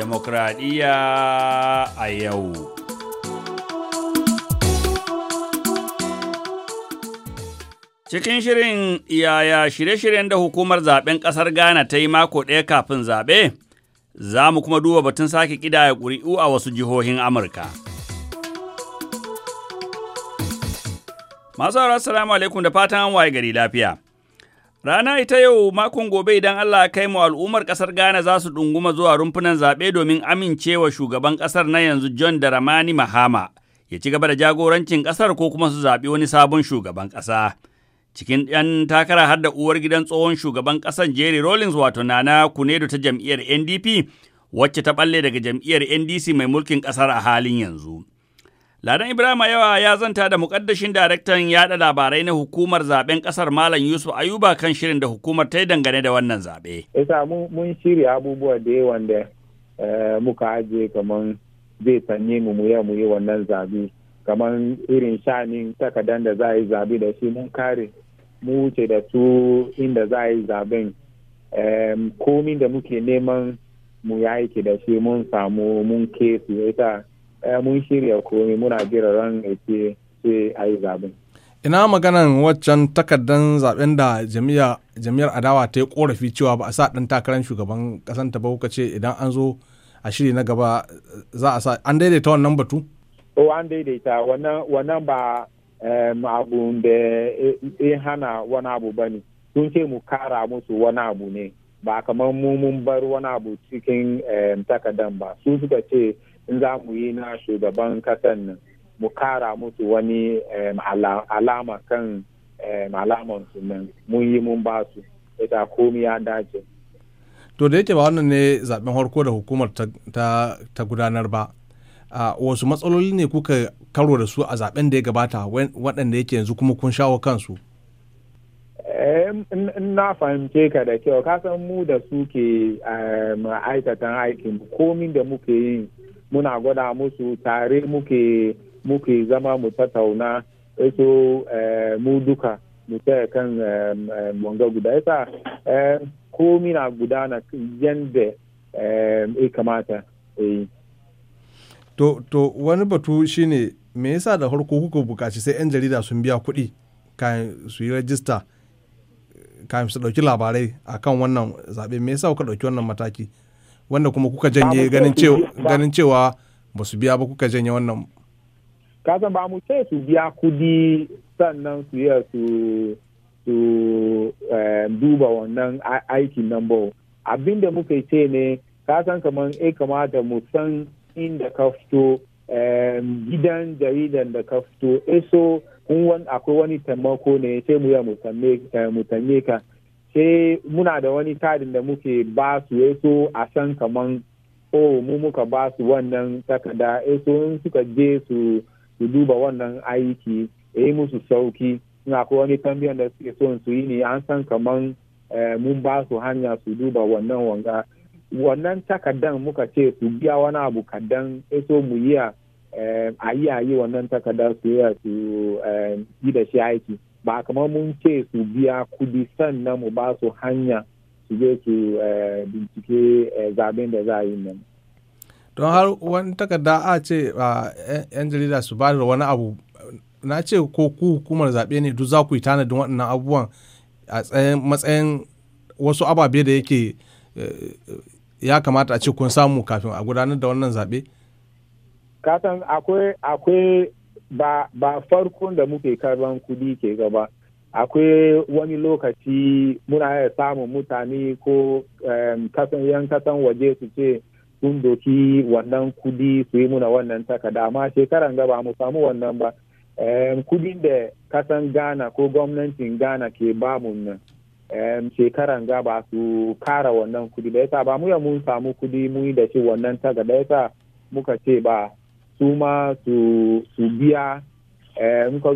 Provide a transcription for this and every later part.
demokradiyya a yau. Cikin shirin yaya shirye-shiryen da hukumar zaben ƙasar Ghana ta yi mako ɗaya kafin zaɓe, za mu kuma duba batun sake ƙidaya ƙuri'u a wasu jihohin Amurka. Masu salamu alaikum da fatan waye gari lafiya. Rana ita yau makon gobe idan Allah kai mu al'ummar ƙasar Ghana za su ɗunguma zuwa rumfunan zaɓe domin amincewa shugaban ƙasar na yanzu John Dramani Mahama ya ci gaba da jagorancin ƙasar ko kuma su zaɓi wani sabon shugaban ƙasa. Cikin ‘yan takara har da uwar gidan tsohon shugaban ƙasar Jerry Rawlings wato Nana Kunedo ta jam'iyyar NDP wacce ta ɓalle daga jam'iyyar NDC mai mulkin ƙasar a halin yanzu. Ladan Ibrahim Yawa ya zanta da mukaddashin daraktan yada labarai na hukumar zaben kasar Malam Yusuf Ayuba kan shirin da hukumar ta yi dangane da wannan zaɓe. Isa mun shirya abubuwa da yawa da eh, muka ajiye kamar zai sanye mu mu mu yi wannan zabe kamar irin shanin takadan da za a yi zabe da shi mun kare mu wuce da su inda za a yi zaben komin da muke neman mu ya aiki da shi mun samu mun kesu ya Eh, mun shirya komai muna jira ran ce sai a yi zaben. Ina maganan waccan takardan zaben da jami'ar adawa ta yi korafi cewa ba a sa ɗan takarar shugaban ƙasan ta ba kuka ce idan an zo a shiri na gaba za a sa an daidaita wannan batu? O oh, an daidaita wannan ba abu da ya hana wani abu ba ne sun ce mu kara musu wani abu ne ba kamar mu mun bar wani abu cikin takardan ba su suka ce in za mu yi na shugaban kasan nan mu kara musu wani alama kan alaman su nan mun yi mun ba su ita komi ya dace to da yake ba wannan ne zaben harko da hukumar ta gudanar ba wasu matsaloli ne kuka karo da su a zaben da ya gabata waɗanda yake yanzu kuma kun shawo kansu na fahimce ka da kyau kasan mu da suke ma'aikatan aikin komi da muke yin muna gwada musu tare muke muke zama mu tattauna so eh, mu duka mu taya kan eh, eh, wanga guda yasa komi na gudana yadda ya kamata to to wani batu shine me yasa da farko kuka bukaci sai 'yan jarida sun biya kuɗi kayan su yi rajista kafin su ɗauki labarai akan wannan zaɓe me yasa kuka ɗauki wannan mataki wanda kuma kuka janye ganin cewa ba su biya ba kuka janye wannan kasan ba mu ce su biya kudi sannan su yi su eh, duba wannan aikin nan ba abin da muka ce ne kasan kamar a kamata mu san inda ka fito eh, gidan jaridan da ka fito eso akwai wani taimako ne sai mu ya mu eh, ka sai muna da wani tarin da muke ba su yaso a san kaman o oh, mu muka ba su wannan takarda yaso in suka je su su duba wannan aiki ya yi musu sauki in ko wani tambayan da suke so su yi ne an san kaman eh, mun ba su hanya su duba wannan wanga wannan takadan muka ce su biya wani abu kadan so mu yi eh, a yi a yi wannan takarda su yi eh, da shi aiki ba kamar mun ce su biya kudi sannan mu ba su hanya su je su eh, bincike eh, zaben da za a yi nan don har wani takarda a ce yan jarida su ba da wani abu na ce ko ku hukumar zaɓe ne duk za ku yi tanadin waɗannan abubuwan a matsayin wasu ababe da yake eh, ya kamata a ce kun samu kafin a gudanar da wannan zaɓe? kasan akwai ba ba farkon da muke karban kudi ke gaba akwai wani lokaci muna iya samun mutane ko kasan yan kasan waje su ce sun doki wannan kudi su yi muna wannan takarda amma shekaran gaba mu samu wannan ba kudin da kasan ghana ko gwamnatin ghana ke bamu nan shekaran gaba su kara wannan kudi da yasa ba mu mun samu kudi mu yi da shi wannan takarda yasa muka ce ba su su biya eh, in ka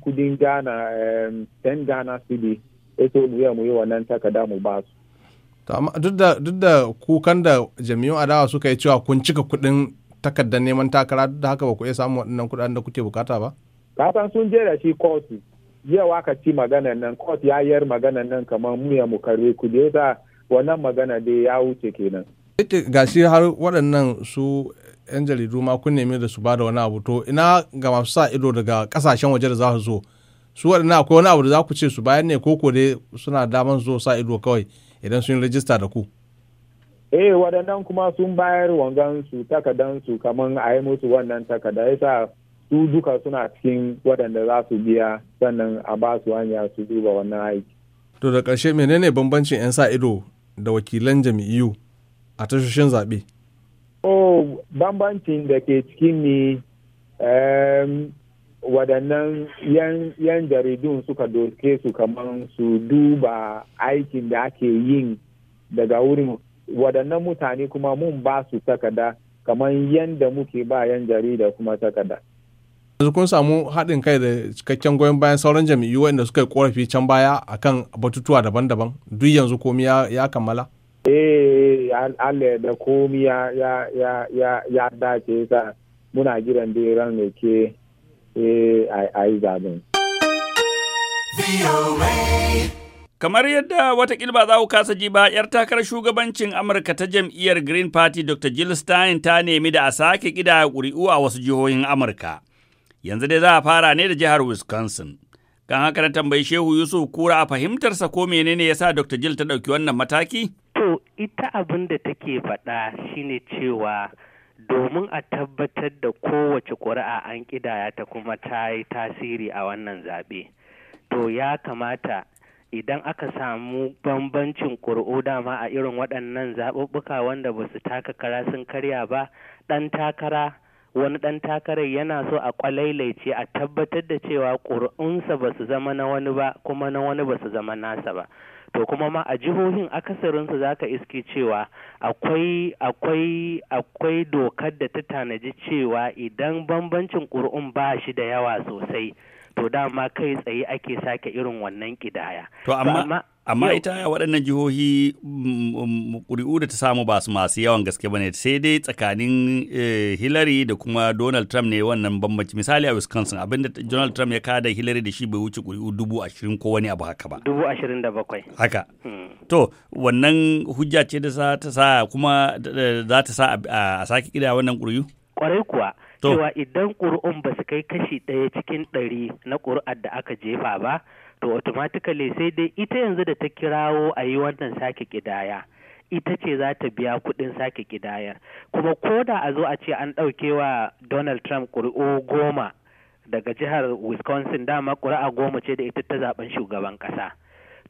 kudin ghana 10 eh, ghana cedi eto so mu yi wa nan wannan takarda mu ba su duk da kukan da jami'un adawa suka yi cewa kun cika kudin takardar neman takara duk da haka ba ku iya samun waɗannan kudaden da kuke bukata ba kasan sun je da shi kotu yau aka ci maganan nan kotu ya yar maganan nan kamar mu ya mu karbe ku da wannan magana dai ya wuce kenan ga shi har waɗannan su 'yan jaridu ma kun nemi da su bada wani abu to ina ga masu sa ido daga kasashen waje da za su zo su waɗannan akwai wani abu da za ku ce su bayan ne ko dai suna daman zo sa ido kawai idan sun rajista da ku. eh waɗannan kuma sun bayar wangan su takadan su kamar a yi musu wannan takada sa su duka suna cikin waɗanda za su biya sannan a ba su hanya su duba wannan aiki. to da ƙarshe menene bambancin 'yan sa ido da wakilan jami'u a tashoshin zaɓe. oh bambancin da ke cikin ne um, waɗannan yan jaridun suka doke su kamar su duba aikin da ake yin daga wurin waɗannan mutane kuma mun ba su takada kamar yadda muke ba yan jarida kuma takada. yanzu kun samu haɗin kai da cikakken goyon bayan sauran jami'u wanda suka yi korafi can baya akan batutuwa daban-daban duk yanzu komi ya kammala? eh Allah da komi ya ya ya ya ya dace sa muna jiran da ran ne ke eh ai zaben Kamar yadda wata ba za ku kasa ji ba, ‘yar takarar shugabancin Amurka ta jam'iyyar Green Party Dr. Jill Stein ta nemi da a sake ƙida ƙuri'u a wasu jihohin Amurka. Yanzu dai za a fara ne da jihar Wisconsin. Kan haka na tambayi Shehu Yusuf Kura a fahimtarsa ko menene yasa Dr. Jill ta ɗauki wannan mataki? ita abin da take faɗa shine cewa domin a tabbatar da kowace ƙuri'a an ƙidaya ta kuma ta yi tasiri a wannan zaɓe to ya kamata idan aka samu bambancin ƙuri'u dama a irin waɗannan zaɓuɓɓuka wanda ba su taka kara sun karya ba ɗan takara wani ɗan takarar yana so a kwalailaice a tabbatar da cewa ƙuri'unsa ba su zama na wani ba kuma na wani ba su zama nasa ba to kuma ma a jihohin akasarinsu za ka iske cewa akwai akwai akwai dokar da ta tanaji cewa idan bambancin ƙuri'un ba shi da yawa sosai to dama kai tsaye ake sake irin wannan ƙidaya. To amma amma ita waɗannan jihohi mm, mm, ƙuri'u da ta samu ba su masu yawan gaske ba ne sai dai tsakanin eh, hillary da kuma donald trump ne wannan bambanci misali a wisconsin abinda donald trump ya kada hillary da shi bai wuce ƙuri'u dubu ashirin ko wani abu haka ba dubu ashirin da bakwai haka hmm. to wannan hujja ce da ta sa kuma za ta sa a sake ƙida wannan ƙuri'u kwarai kuwa cewa idan ƙuri'un ba su kai kashi ɗaya cikin ɗari na ƙuri'ar da aka jefa ba to automatically sai dai ita yanzu da ta kirawo a yi wannan sake kidaya ita ce za ta biya kuɗin sake kidayar kuma ko da a zo a ce an ɗauke wa donald trump ƙuri'u goma daga jihar wisconsin dama ƙuri'a goma ce da ita ta zaben shugaban ƙasa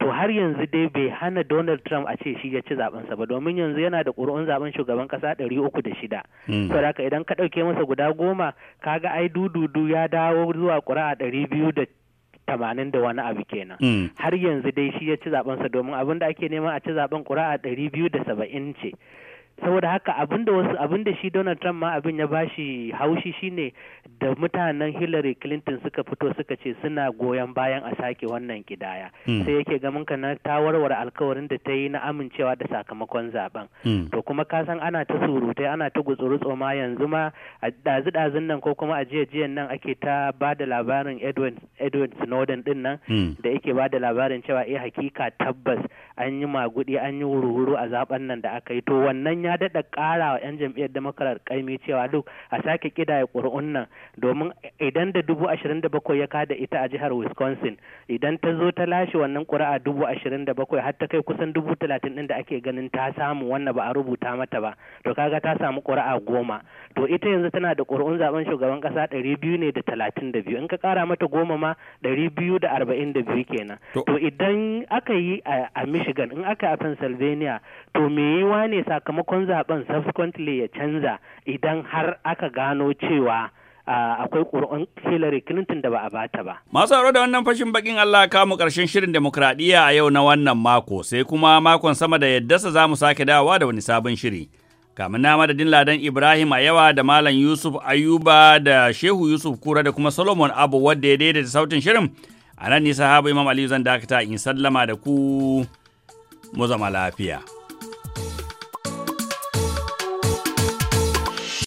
to har yanzu dai bai hana donald trump a ce shi ya ci sa ba domin yanzu yana da kuri'un zaben shugaban ƙasa ɗari uku da shida hmm. saboda idan ka ɗauke masa guda goma kaga ai dududu ya dawo zuwa ƙuri'a ɗari biyu da tamanin da wani abu kenan mm. har yanzu dai shi ya ci sa domin abin da ake nema a ci zaben ƙuri'a ɗari biyu da saba'in ce saboda haka abin da wasu abin da shi Donald Trump ma abin ya bashi haushi shine da mutanen Hillary Clinton suka fito suka ce suna goyon bayan a sake wannan kidaya hmm. sai yake gamin ka na ta warware alkawarin da ta yi na amincewa da sakamakon zaben hmm. to kuma ka san ana ta surutai ana ta gutsurutso ma yanzu ma a dazu dazun nan ko kuma a jiya jiyan nan ake ta ba da labarin Edward Edward Snowden din nan hmm. da yake ba da labarin cewa eh hakika tabbas an yi magudi an yi wuru a zaben nan da aka yi to wannan ya daɗa ƙara wa 'yan jam'iyyar damakarar ƙaimi cewa duk a sake ƙidaya ƙuri'un nan domin idan da dubu ashirin da bakwai ya kada ita a jihar wisconsin idan ta zo ta lashe wannan ƙuri'a dubu ashirin da bakwai har ta kai kusan dubu talatin ɗin da ake ganin ta samu wannan ba a rubuta mata ba to kaga ta samu ƙuri'a goma to ita yanzu tana da ƙuri'un zaben shugaban ƙasa ɗari biyu ne da talatin da biyu in ka ƙara mata goma ma ɗari biyu da arba'in da biyu kenan to idan aka yi a mishi Michigan in aka a Pennsylvania to me yiwa ne sakamakon zaben subsequently ya canza idan har aka gano cewa akwai ƙuri'un Hillary Clinton da ba a bata ba. Masu haro da wannan fashin bakin Allah kamu ƙarshen shirin demokradiyya a yau na wannan mako sai kuma makon sama da yaddasa za mu sake dawowa da wani sabon shiri. Kamin na madadin Ladan Ibrahim a yawa da Malam Yusuf Ayuba da Shehu Yusuf Kura da kuma Solomon Abu wadda ya daidaita sautin shirin. A nan nisa habu Imam Aliyu zan dakata in sallama da ku mu zama lafiya.